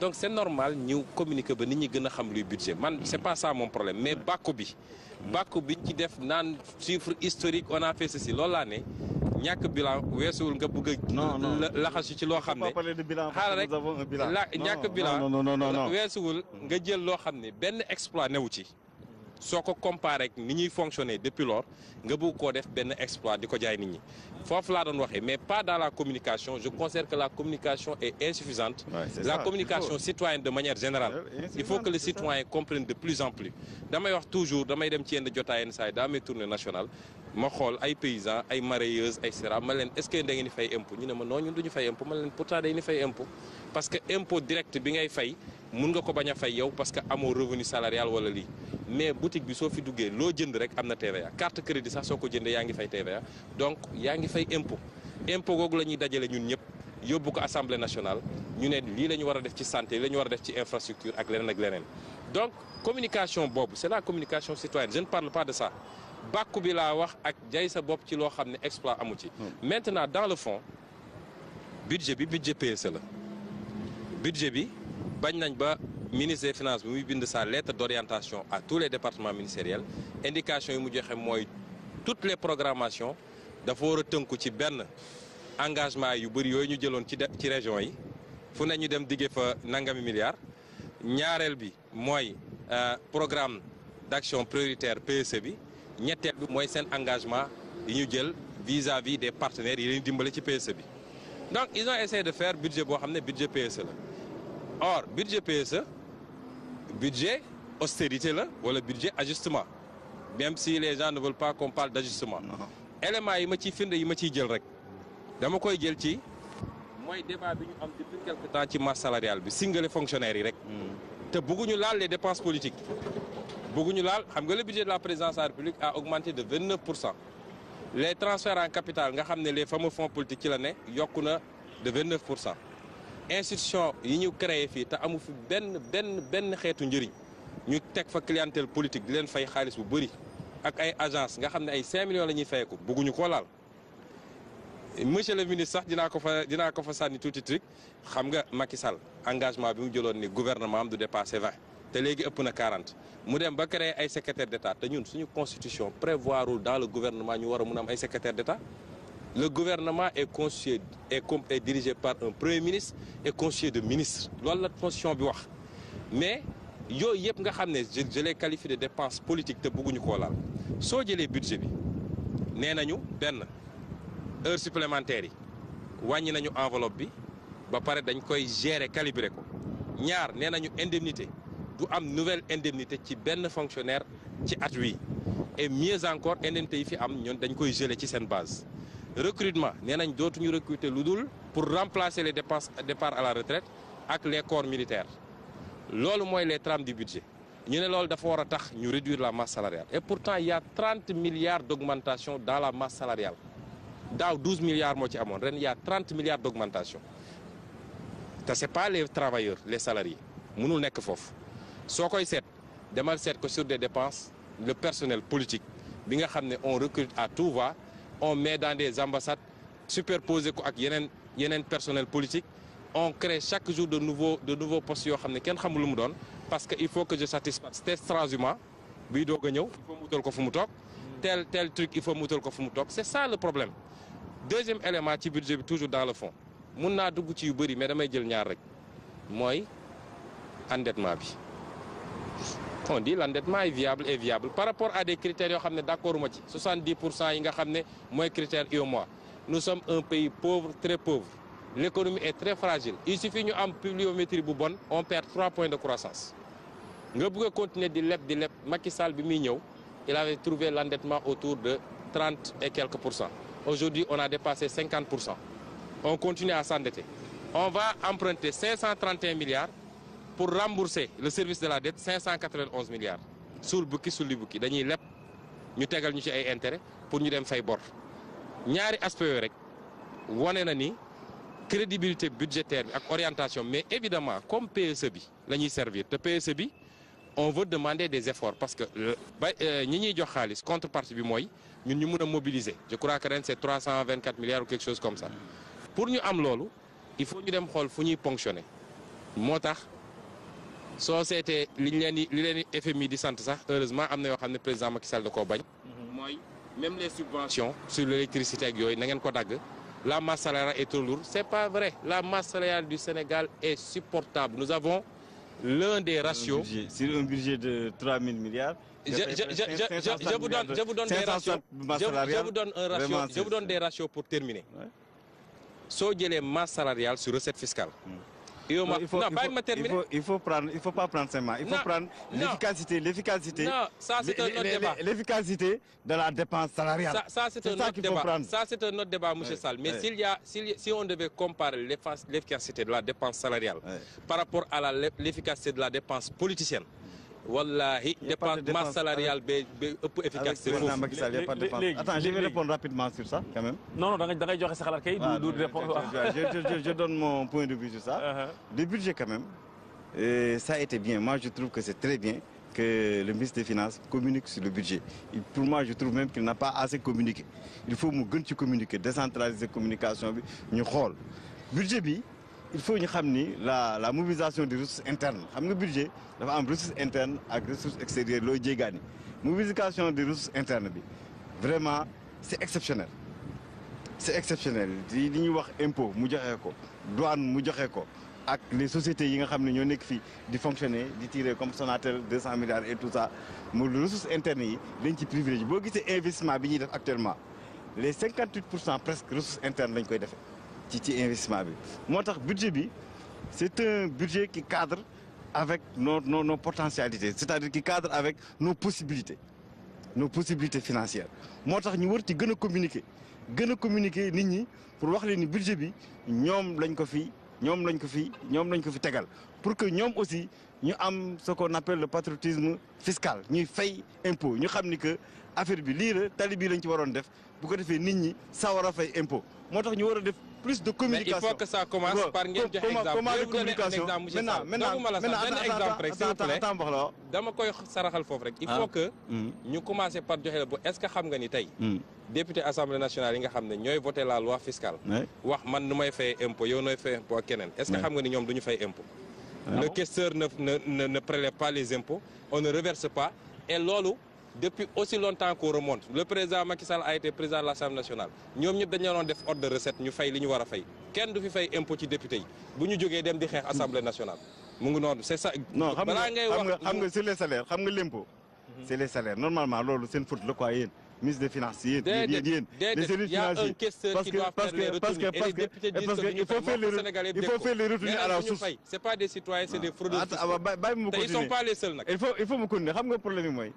donc c'est normal nous communiquer ba nit ñi budget man c'est pas ça mon problème mais Bakobi, bi qui bi ci def chiffre historique on a fait ceci Il n'y ne bilan nga bëgg a laxasu ci bilan. xam ne xaaral bilan weesuwul nga jël loo ne exploit soo ko comparé ce ni ñuy fonctionner depuis lors nga bëgg koo def benn exploit di ko jaay nit ñi foofu laa doon waxee mais pas dans la communication je considère que la communication est insuffisante la communication citoyenne de manière générale il faut que les citoyens comprennent de plus en plus damay wax toujours damay dem ci yenn jotaay yenn saa yi daa tourner national ma xool ay paysans ay maraîchers ay cetera ma leen est-ce que da ngeen di fay impôt ñu ne ma non ñun duñu fay impôt ma leen pourtant dañu fay impôt parce que impôt direct bi ngay fay mën nga ko bañ a fay yow parce que amoo revenu salarial wala lii mais boutique bi soo fi duggee loo jënd rek am na TVA carte crédit sax soo ko jëndee yaa ngi fay TVA donc yaa ngi fay impôt impôt googu la ñuy dajale ñun ñëpp yóbbu ko assemblée nationale ñu ne lii la ñu war a def ci santé lii la ñu war a def ci infrastructure ak leneen ak leneen donc communication boobu c'est la communication citoyenne je ne parle pas de ça bàkku bi laa wax ak jaay sa bopp ci loo xam ne exploit amu ci. Hmm. maintenant dans le fond budget bi budget PSE la budget bi bañ nañ ministre des finances bi muy bind sa lettre d'orientation à tous les départements ministériels indication yi mu toutes les programmations dafa war a tënku ci benn engagement yu les yooyu ñu jëloon ci ci région yi fu ne ñu milliards bi euh, programme d'action prioritaire PSB, e bi ñetteel bi engagement vis-à-vis des partenaires yi leen dimbale ci PSE donc ils ont essayé de faire budget budget PSB. E or budget PSE hein? budget austérité ou le budget ajustement même si les gens ne veulent pas qu'on parle d'ajustement Élément, yi ma ciy firnde yi ma ciy jël rek dama koy ci débat bi ñu am depuis quelques temps ci masse salariale bi les fonctionnaire yi rek hmm. te bëgguñu laal les dépenses politiques beaucoup laal xam le budget de la présidence de la République a augmenté de 29 les transferts en capital nga avons les fameux fonds politiques qui ont de 29 institution yi ñu créé fii te amu fi benn benn benn xeetu njëriñ ñu teg fa clientèle politique di leen fay xaalis bu bëri ak ay agence nga xam ne ay 5 millions la ñuy fayeku bëgguñu ko laal monsieur le ministre sax dinaa ko fa dinaa ko fa sànni tuuti trik xam nga Macky Sall engagement bi mu jëloon ni gouvernement am du dépasser 20 te léegi ëpp na 40 mu dem ba créer ay secrétaire d' état te ñun suñu constitution prévoirul dans le gouvernement ñu war a mun am ay secrétaire d' état Le gouvernement est, conçu, est, est dirigé par un premier ministre et conseiller de ministre. Voilà la fonction. Mais yo yëpp nga xam je l'ai qualifié de dépenses politiques te bëgguñu koo laal soo jëlee budget bi nee ben benn heure supplémentaire yi nañu enveloppe bi ba pare dañ koy gérer calibrer ko ñaar nee indemnité du am nouvelle indemnité ci ben fonctionnaire ci at et mieux encore indemnité yi fi am ñun dañ koy geler ci sen base recrutement nous avons dootuñu recruter pour remplacer les dépenses départ à la retraite avec les corps militaires qui est les trames du budget Nous, avons réduire la masse salariale et pourtant il y a 30 milliards d'augmentation dans la masse salariale dans 12 milliards il y a 30 milliards d'augmentation Ce c'est pas les travailleurs les salariés mënul nekk foofu Ce Ce qu'on demal c'est que sur des dépenses le personnel politique on recrute à tout va on met dans des ambassades superposées avec des personnels politiques. personnel politique on crée chaque jour de nouveaux de nouveaux postes parce qu'il faut que je satisfasse C'est un il faut que je ko tel tel truc il faut que ko c'est ça le problème deuxième élément ci budget toujours dans le fond ne naa dugg ci yu suis mais damay jël ñaar rek suis endettement on dit l'endettement est viable et viable par rapport à des critères d'accord 70 yi nga nous sommes un pays pauvre très pauvre l'économie est très fragile il suffit ñu am pluviométrie bu bonne on perd 3 points de croissance nga bëgg continuer di il avait trouvé l'endettement autour de 30 et quelques aujourd'hui on a dépassé 50 on continue à s'endetter on va emprunter 531 milliards pour rembourser le service de la dette 591 milliards sur le bouquet, sur dañuy bouquet. ñu avons ñu ci ay intérêt pour nous dem fay bor ñaari aspect rek la crédibilité budgétaire et orientation mais évidemment comme PSB, nous e servir le e on veut demander des efforts parce que nous euh, ñi des jox contrepartie nous pouvons mobiliser je crois que c'est 324 milliards ou quelque chose comme ça pour nous am il faut que nous xool ponctionner so c'était liñ leen FMI du heureusement on a eu le président Macky Sall da koo même les subventions sur l'électricité la masse salariale est trop lourde c'est pas vrai la masse salariale du Sénégal est supportable nous avons l'un des ratios. sur un budget de 3 000 milliards. je vous donne des ratios je vous donne des ratios pour terminer. Soyez les masse salariale sur recette fiscale. Mm. Il ne faut, prendre, il faut pas prendre seulement. Il faut prendre l'efficacité, l'efficacité. L'efficacité de la dépense salariale. Ça, c'est un, autre débat. Ça c'est Mais si on devait comparer l'efficacité de la dépense salariale par rapport à l'efficacité de la dépense politicienne, Wallahi, dépense hein. salariale peu efficace. C'est Attends, je vais répondre rapidement sur ça, quand même. Non, non, je, donne mon point de vue sur ça. Uh-huh. Le budget, quand même, euh, ça a été bien. Moi, je trouve que c'est très bien que le ministre des Finances communique sur le budget. pour moi, je trouve même qu'il n'a pas assez communiqué. Il faut que nous communiquer, décentraliser la communication. Nous, le budget, il faut que nous la la mobilisation des ressources internes xam nga budget dafa am ressources internes des ressources extérieures La mobilisation des ressources internes vraiment c'est exceptionnel c'est exceptionnel Les impôts, les wax les sociétés qui nga qui tirent ñoo nekk fonctionner tirer comme 200 milliards et tout ça les ressources internes yi privilèges. ci Si vous gisee investissement actuellement les 58 presque ressources internes lañ koy ci ci investissement bi budget bi c'est un budget qui cadre avec nos nos nos potentialités c'est-à-dire qui cadre avec nos possibilités nos possibilités financières Nous tax ñu ci communiquer gën communiquer nit ñi pour voir leen ni budget bi ñoom lañ ko fi ñoom lañ ko fi lañ tegal pour que ñoom aussi ñu am ce qu'on appelle le patriotisme fiscal ñuy fay impôt ñu savons que affaire bi lii la tali bii lañ ci que def bu ko faire nit ñi sawar fay impôt ñu plus de communication. Mais il faut que ça commence bon, par ngeen joxe exemple. comment de communication maintenant maintenant maintenant exemple rek s'il vous plaît dama koy saraxal foofu rek. il ah. faut que. Hmm. ñu commencer par joxe bu est-ce que xam nga ni tey. Hmm. député assemblée nationale yi nga xam ne ñooy voté la loi fiscale. wax man nu may fay impôt yow nooy fay impôt ak est-ce que xam nga ni nous, du faisons fay impôt. Ah le caisseur ne ne ne prélève pas les impôts on ne reverse pas et l'OLU, depuis aussi longtemps qu'on remonte le président Macky Sall a été président de l'Assemblée nationale Nous, avons dañu doon def ordre de recette nous fay li ñu war a fay kenn du fi fay impôt ci député yi nous ñu jógee dem di nationale c'est ça. non xam nga c'est les salaires xam nga l'impôt mhm. c'est les salaires normalement c'est une faute le quoi ministre des finances il y les services financiers qui que parce que parce que parce que parce que il faut faire les il faut faire les retours à la source. n'est pas des citoyens c'est des ah, fraudeurs. Ah, bah, bah, ils ne sont pas les seuls il faut il faut ma continuer xam nga problème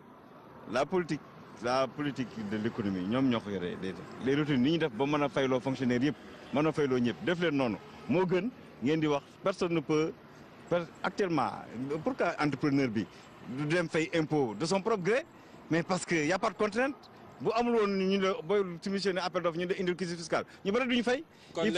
la politique la politique de l'économie ñom ñoo de yore les routines ni ñu def ba mëna faylo fonctionnaire yépp mëna faylo fayloo ñëpp def leen nonu mo gën ngeen di wax personne ne peut actuellement pourquoi entrepreneur bi du dem fay impôt de son propre gré mais parce que y a pas de contrainte bu amul woon ñu ne booy soumissionné appel d'offre ñu de indil casier fiscal ñu bëri duñu fay. il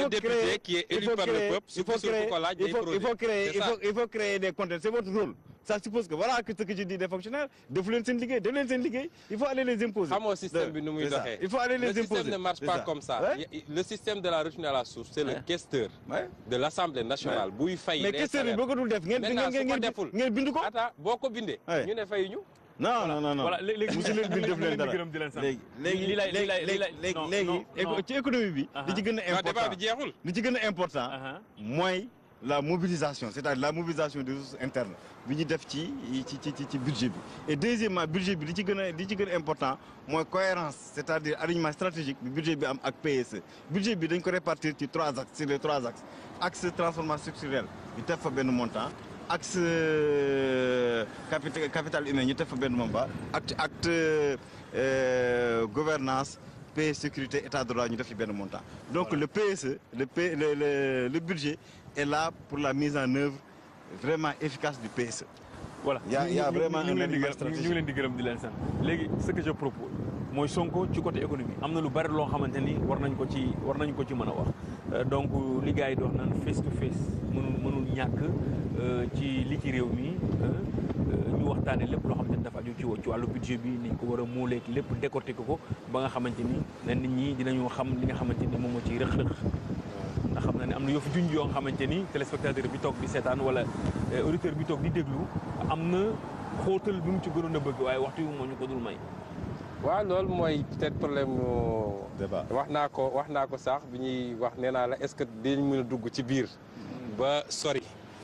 faut créer il faut créer il faut créer il faut il faut créer il faut il faut créer des contraintes c'est votre rôle. ça suppose que voilà que ce que je dis des fonctionnaires defu leen seen liggéey def leen seen liggéey il faut aller les imposer. xamoo système bi nu muy doxee il faut aller les imposer le système ne marche pas comme ça. le système de la retenue à la source. c'est le questeur. de l'Assemblée nationale buy fay. mais questeur bi boo ko dul def ngeen ngeen ngeen bindu ko. attends boo ko bindee. ñu ne fayuñu non non non non voilà les les Les important important. Ah, ah. la mobilisation c'est-à-dire la mobilisation des ressources internes budget et deuxièmement budget bi important cohérence c'est-à-dire alignement stratégique du budget avec am e. budget bi dañ trois axes les trois axes axe transformation structurelle Il faut fa montant axe euh, capital capital humain ñu def fa benn moom acte acte euh, gouvernance paix sécurité état de droit ñu def ci montant. donc le PSE le le le budget est là pour la mise en œuvre vraiment efficace du PSE. voilà y' a y' a vraiment ñu ngi leen di gërëm di leen sant léegi ce que je propose mooy Sonko ci côté économie am na lu bari loo xamante ni war nañ ko ci war nañ ko ci mën wax. donc li gaay di wax naan face to face mënul mënul ñàkk ci li ci réew mi ñu waxtaane lépp loo xam ne dafa jóg ci ci wàllu budget bi nañ ko war a muuleeg lépp décorté ko ko ba ni na nit ñi dinañu xam li nga wala auditeur bi di déglu am na xóotal bi mu ci gënoon a bëgg waaye waaw loolu mooy peut-être problème débat wax naa ko wax naa ko sax bi ñuy wax nee naa la est-ce que dinañ mën a dugg ci biir. ba sori.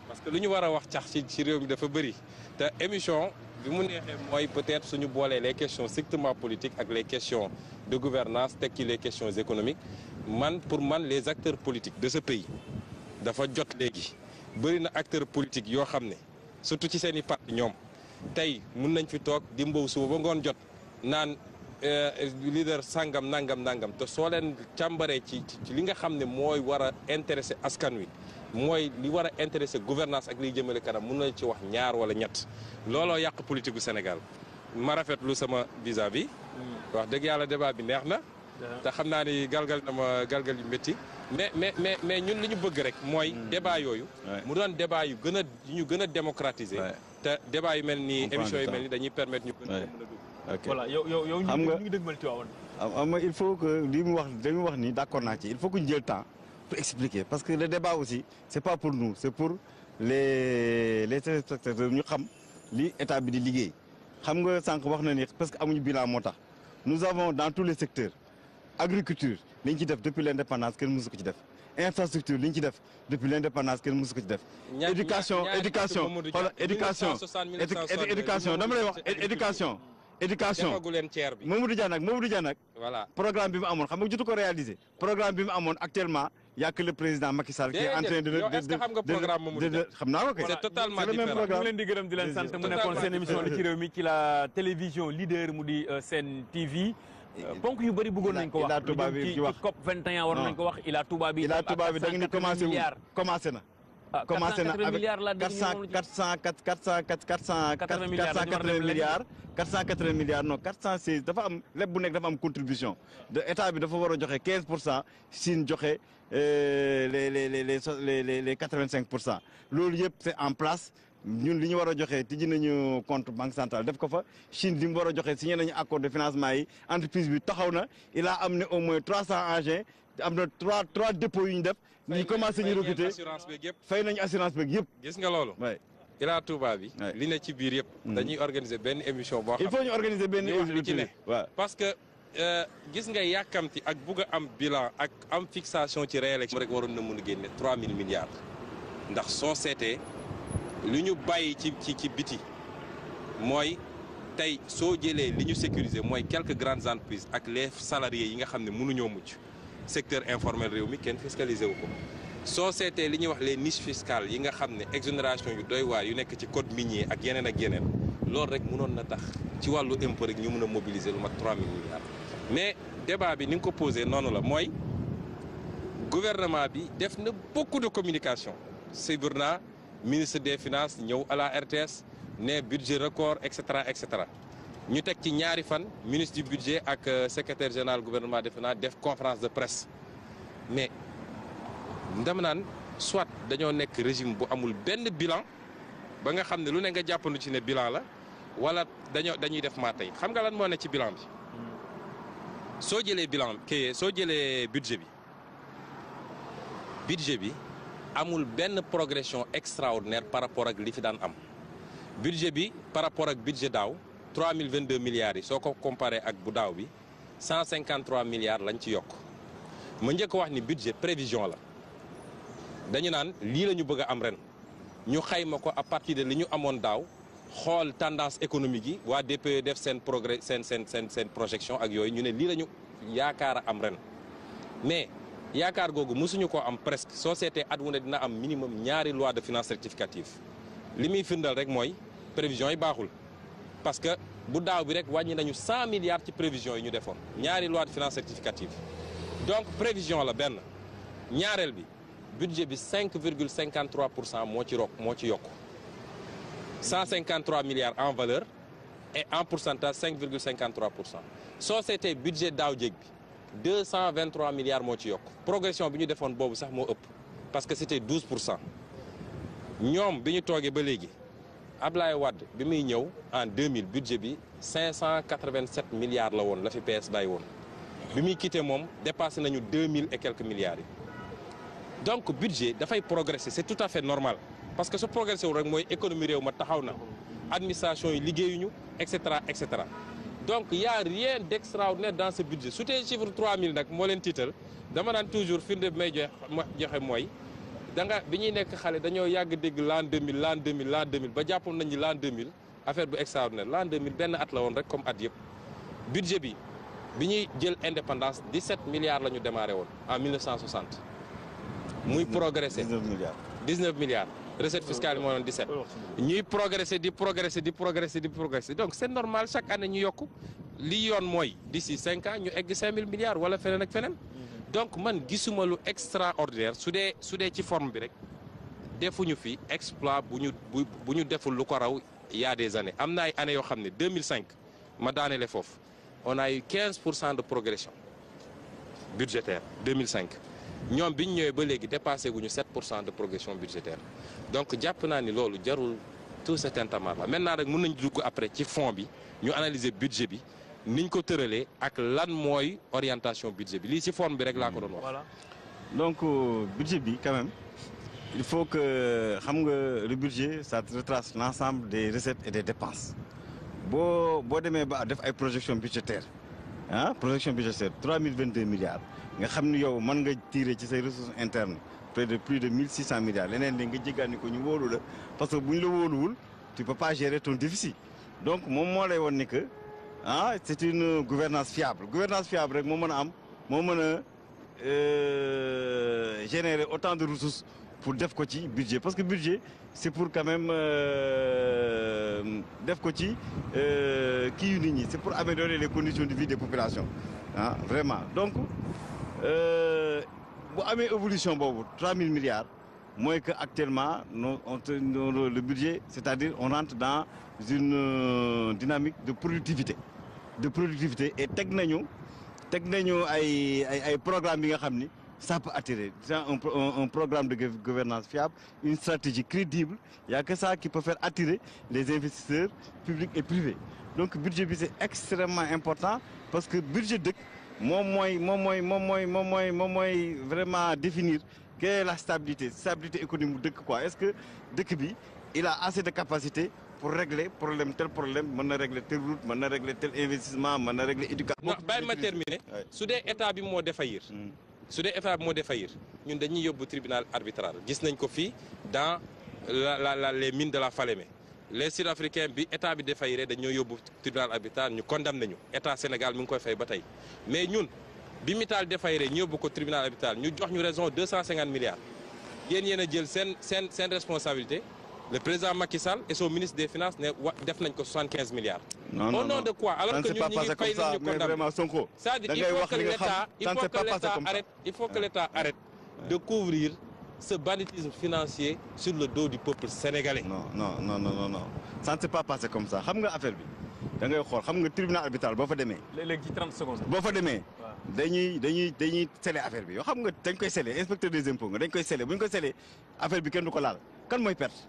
parce que lu ñu war a wax cax ci ci réew mi dafa bëri te émission bi mu neexee mooy peut-être suñu boolee les questions strictement politiques ak les questions de gouvernance tekki les questions économiques man pour man les acteurs politiques de ce pays dafa jot léegi bëri na acteurs politiques yoo xam ne surtout ci seen i parti ñoom tey mun nañ fi toog di mbow suba ba ngoon jot. naan euh, leader sangam nangam nangam te soo leen càmbaree ci ci li nga xam ne mooy war a intéressé askan wi mooy li war a intéressé gouvernance ak li jëmale kanam mun nañ ci wax ñaar wala ñett looloo yàq politique gu Sénégal ma rafetlu sama vis-à-vis wax dëgg yàlla débat bi neex na te xam naa ni galgal na ma galgal yu métti mais mais mais ñun li ñu bëgg rek mooy hmm. débat yooyu mu doon débat yu gën a yu ñu gën a démocratiser te débat yu mel ni émission yu mel ni dañuy permettre ñu gën mën a dugg voilà yow yow yow. ñu ngi il faut que li mu wax wax d'accord ci il faut que ñu jël temps pour expliquer parce que le débat aussi c'est pas pour nous c'est pour les les téléspectateurs ñu xam li état bi di liggéey xam nga sank wax na ni parce que amuñu bilan motax nous avons dans tous les secteurs agriculture liñ ci def depuis l'indépendance que mësu ko ci def. infrastructure liñ ci def depuis l'indépendance que mësu ko ci def. éducation éducation éducation éducation dama lay wax éducation. éducation defagu leen tiers moom Mamadou Dia nag Mamadou Dia nag. voilà programme bi mu amoon xam nga jotu ko réaliser. programme bi mu amoon actuellement y' a que président Macky Sall. qui est en train de de de de xam naa ko kay. c'est totalement différent mu leen di di leen sant mu nekkoon seen émission li ci mi ci télévision leader mu di euh, Sen TV. Euh, ponk yu bari bëggoon nañ ko wax. il a Touba bi ci wax COP 21 war nañ ko wax il a a Touba bi da nga commencé na. Ah, commencé milliards, 400, milliards 480 milliards non 416 dafa am bu de euh, les les les les les en place ñun li ñu un banque centrale Chine accord de financement entreprise il a amené au moins 300 agents, dépôts ñu commencé ñu recruter fay nañ assurance beeg yëpp. gis nga loolu. waay Ila Touba bi. li ne ci biir yëpp. Hmm. dañuy organiser benn émission boo xam. il faut ñu organiser benn émission ci ne parce que euh, gis nga yàkkamti ak bugg a am bilan ak am fixation ci réélection rek waroon na mun a génne 3000 milliards. ndax soo seetee lu ñu bàyyi ci ci ci biti mooy tey soo jëlee li ñu sécuriser mooy quelques grandes entreprises ak les salariés yi nga xam ne mënuñoo mucc. secteur informel réew fiscalisé wu ko soo li wax les niches fiscales yi nga xam ne exonération yu doy waar yu nekk ci code minier ak nous ak yeneen loolu rek mënoon na tax ci mobiliser lu milliards mais débat bi ni nga ko posé noonu la gouvernement bi def beaucoup de communication sibur naa ministre des finances ñëw à la RTS ne budget record etc., etc ñu teg ci ñaari fan ministre du budget ak euh, secrétaire général gouvernement defe naa def conférence de presse mais ndam naan soit dañoo nekk régime bu amul benn bilan ba nga xam ne lu ne nga jàppandu ci ne bilan la wala dañoo dañuy def maa tey xam nga lan moo ne ci bilan bi soo jëlee bilan soo jëlee budget bi budget bi amul benn progression extraordinaire par rapport ak li fi daan am budget bi par rapport ak budget daaw 3022 milliards yi soo ko comparé ak bu daaw bi 153 milliards lañ ci yokk ma njëkk wax ni budget prévision la dañu naan lii la ñu bëgg a am ren ñu xayma ko à partir de li ñu amoon daaw xool tendance économique yi waa DPE def seen progrès seen seen seen seen projection ak yooyu ñu ne lii la ñu yaakaar a am ren mais yaakaar googu mosuñu ko am presque société at wu ne dina am minimum ñaari loi de finances rectificative li muy firndal rek mooy prévision yi baaxul parce que bu daw bi rek 100 milliards de prévision yi ñu defoon ñaari loi de finances rectificative donc prévision la ben ñaarel bi budget bi 5,53% mo 153 milliards en valeur et en pourcentage 5,53%. Société budget daw 223 milliards mo ci yok progression bi ñu des fonds, sax mo parce que c'était 12 Nous avons togué ba Ablaye Wade bi muy en 2000 budget bi 587 milliards la won, la fi PS bàyyi won bi muy quitté et quelques milliards Donc donc budget fay progresser c'est tout à fait normal parce que ce progrès est rek moy économie réew ma taxaw na administration yi liggéeyuñu ñu etc. y a rien d'extraordinaire dans ce budget Sous le chiffre 3000 nak mo titre, tiital dama demande toujours firnde bi may joxe moy da nga bi ñuy nekk xale dañoo yàgg dégg l'an 2000 l'an 2000 l'an 2000 ba jàppoon nañ ni l'an 2000 affaire bu extraordinaire l'an benn at la woon rek comme at yëpp budget bi bi ñuy jël indépendance 17 milliards la ñu démarré woon en 1960. muy progressé 19 milliards 19 milliards. recette fiscale moo doon 17. ñuy progressé di progressé di donc c'est normal chaque année ñu yokk li yoon mooy d'ici 5 ans ñu egg 5000 milliards wala feneen ak feneen. donc man gisuma lu extraordinaire su dee su dee ci forme bi rek defuñu fi exploit bu ñu bu ñu deful lu ko raw ya a des années am na ay années yoo xam ne 2005 ma daanelee foofu on ay eu pour cent de progression budgétaire 2005 ñoom bi ñu ñëwee ba léegi dépassé gu ñu pour cent de progression budgétaire donc jàpp naa ni loolu jarul tout cet tintamarre la maintenant rek mun nañu dugg après ci fond bi ñu analyser budget bi. niñ ko tëralee ak lan moy orientation budget bi ci forme bi rek la ko doon wax. voilà donc euh, budget bi quand même il faut que xam nga le budget ça retrace l'ensemble des recettes et des dépenses bo bo démé ba def ay projection budgétaire hein projection budgétaire 3022 milliards nga xam ni yow man nga tirer ci say ressources internes près de plus de 1600 milliards leneen li nga jéggaani ko ñu la parce que buñ la la wul tu peux pas gérer ton déficit donc mom moo lay woon ni que. Ah, c'est une gouvernance fiable gouvernance fiable c'est que euh, générer autant de ressources pour def budget parce que budget c'est pour quand même euh, euh, c'est pour améliorer les conditions de vie des populations ah, vraiment donc bu une évolution 3 3000 milliards moins qu'actuellement, actuellement le budget c'est-à-dire on rentre dans une dynamique de productivité de productivité et tek nañu tek nañu ay ay ay programme yi ça peut attirer un, un, programme de gouvernance fiable une stratégie crédible il y a que ça qui peut faire attirer les investisseurs publics et privés donc budget bi c'est extrêmement important parce que budget de mom vraiment définir quelle est la stabilité stabilité économique de quoi est-ce que le bi il a assez de capacités pour régler problème tel problème mën régler tel route mën régler tel investissement mën régler éducation. non bàyyi ma terminer Si l'État état bi moo défaillir. Mm. su dee état bi moo défaillir ñun dañuy yóbbu tribunal arbitral gis nañ ko fii dans la la la les mines de la Falémé les sud-africains bi état bi défailliré dañoo au tribunal arbitral ñu condamné nañu état Sénégal mi ngi koy fay ba tey mais ñun bi défaillir, défailliré ñu yóbbu ko tribunal arbitral ñu jox ñu raison 250 milliards yéen yéen a jël sen, sen, sen responsabilité. Le président Macky Sall et son ministre des Finances ne def nañ ko 75 milliards. non non au nom de quoi alors que ñun ñu ngi fay nañu ko ndam c'est-à-dire il faut que l'État il faut que l'État arrête il faut que l'État arrête de couvrir ce banditisme financier sur le dos du peuple sénégalais. non non non non non ça ne s'est pas passé comme ça xam nga affaire bi da ngay xool xam nga tribunal arbitral boo fa demee. léeg 30 secondes. boo fa demee. dañuy dañuy dañuy sele affaire bi yoo xam nga dañ koy sele inspecteur des impôts nga dañ koy sele bu ñu ko sele affaire bi kenn du ko laal kan mooy perte.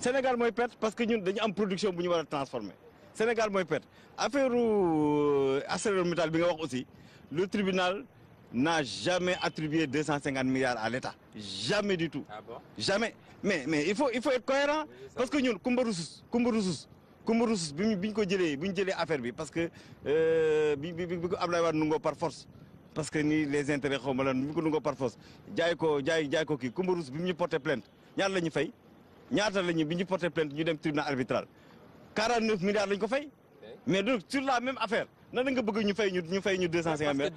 Sénégal moy perte parce que ñun dañu am production bu ñu wara transformer Sénégal moy perte affaire euh, Metal bi nga wax aussi le tribunal n'a jamais attribué 250 milliards à l'État jamais du tout. Ah jamais mais mais il faut il faut être cohérent parce que ñun Kumba Rusus Kumba Rusus Kumba Rusus bi ko jëlé bi jëlé affaire bi parce que euh bi bi ko nous Wade par force. parce que ni les intérêts xaw ma lan ko par force jaay ko jaay jaay ko ki Kumba Rusus bi mu ñu porté plainte ñaar lañu fay ñaata lañu biñu bi porté plainte ñu dem tribunal arbitral 49 milliards lañ ko fay. mais donc sur la même affaire nan nga bëgg ñu fay ñu ñu fay ñu 250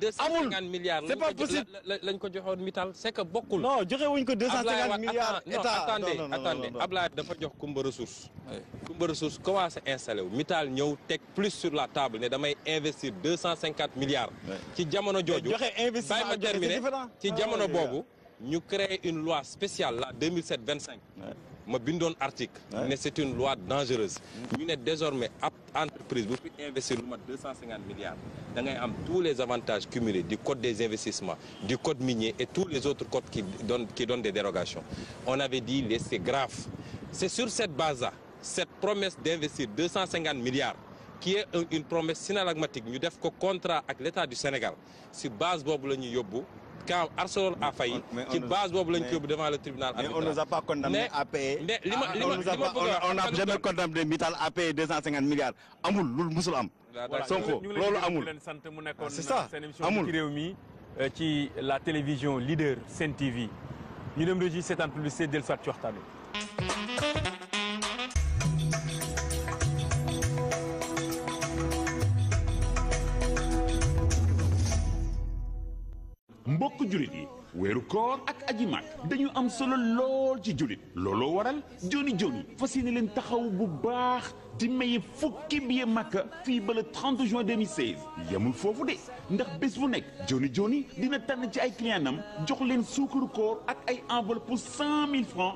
milliards. amul c'est pas possible lañ ko joxoon Mittal c'est que bokkul. non joxé wuñ ko 250 milliards. état attendez attendez Ablaye dafa jox Kumba ressources Kumba ressources commencé installé Mital, Mittal tek plus sur la table ne damay investir 250 milliards. ci jamono jojo joxe investissement bàyyi ci jamono ah boobu ñu créer une loi spéciale la 2007 25 ma article mais c'est une loi dangereuse Nous sommes désormais entreprises. entreprise bu investir 250 milliards da ngay tous les avantages cumulés du code des investissements du code minier et tous les autres codes qui donnent des dérogations on avait dit c'est grave c'est sur cette base-là cette promesse d'investir 250 milliards qui est une promesse synalagmatique nous def ko contrat avec l'État du Sénégal sur base de la ñu quand Arsenal a failli ci base boobu lañ ko yóbbu devant le tribunal mais on nous a pas condamné à payer mais li ma ah, li ma on n'a jamais condamné Mittal à payer deux milliards amul loolu musul am Sonko loolu amul ah, c'est ça amul euh, ci réew la télévision leader Sen TV ñu dem régi seetaan publicité dellu soit ci waxtaan mbokk jullit yi weeru koor ak aji mag dañu am solo lool ci jullit looloo waral joni joni fas yéene leen taxaw bu baax di maye fukki billet Makka fii ba le 30 juin 2016 yemul foofu de ndax bés bu nekk joni joni dina tànn ci ay clientam jox leen suukaru koor ak ay enveloppe pour 100000 francs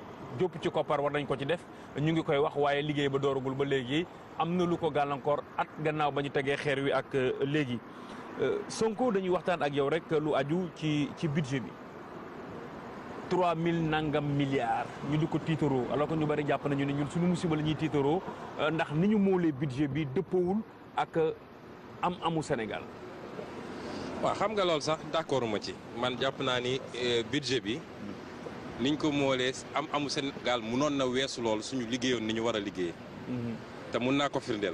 jópp ci koppar war dañ ko ci def ñu ngi koy wax waaye liggéey ba dooragul ba léegi am na lu ko gàllankoor at gannaaw ba ñu tegee xeer wi ak euh, léegi euh, Sonko dañuy waxtaan ak yow rek lu aju ci ci budget bi trois mille nangam milliards ñu di ko tiitaroo alors ñu bari jàpp nañu ne ñun suñu musiba la ñuy tiitaroo euh, ndax ni ñu moolee budget bi dëppawul ak am amu Sénégal waaw xam nga loolu sax d'accord ma ci man jàpp naa ni budget bi niñ ko moolee am amu Sénégal munoon na weesu loolu suñu liggéeyoon ni ñu war a liggéeyee. Mhm. te mun naa ko firndeel.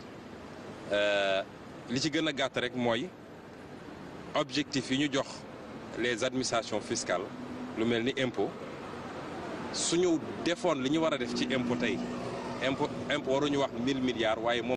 Euh, li ci gën a gàtt rek mooy objectif yi ñu jox les administrations fiscales lu mel ni impôt suñu defoon li ñu war a def ci impôt tey impôt impôt ñu wax mille milliards waaye moom.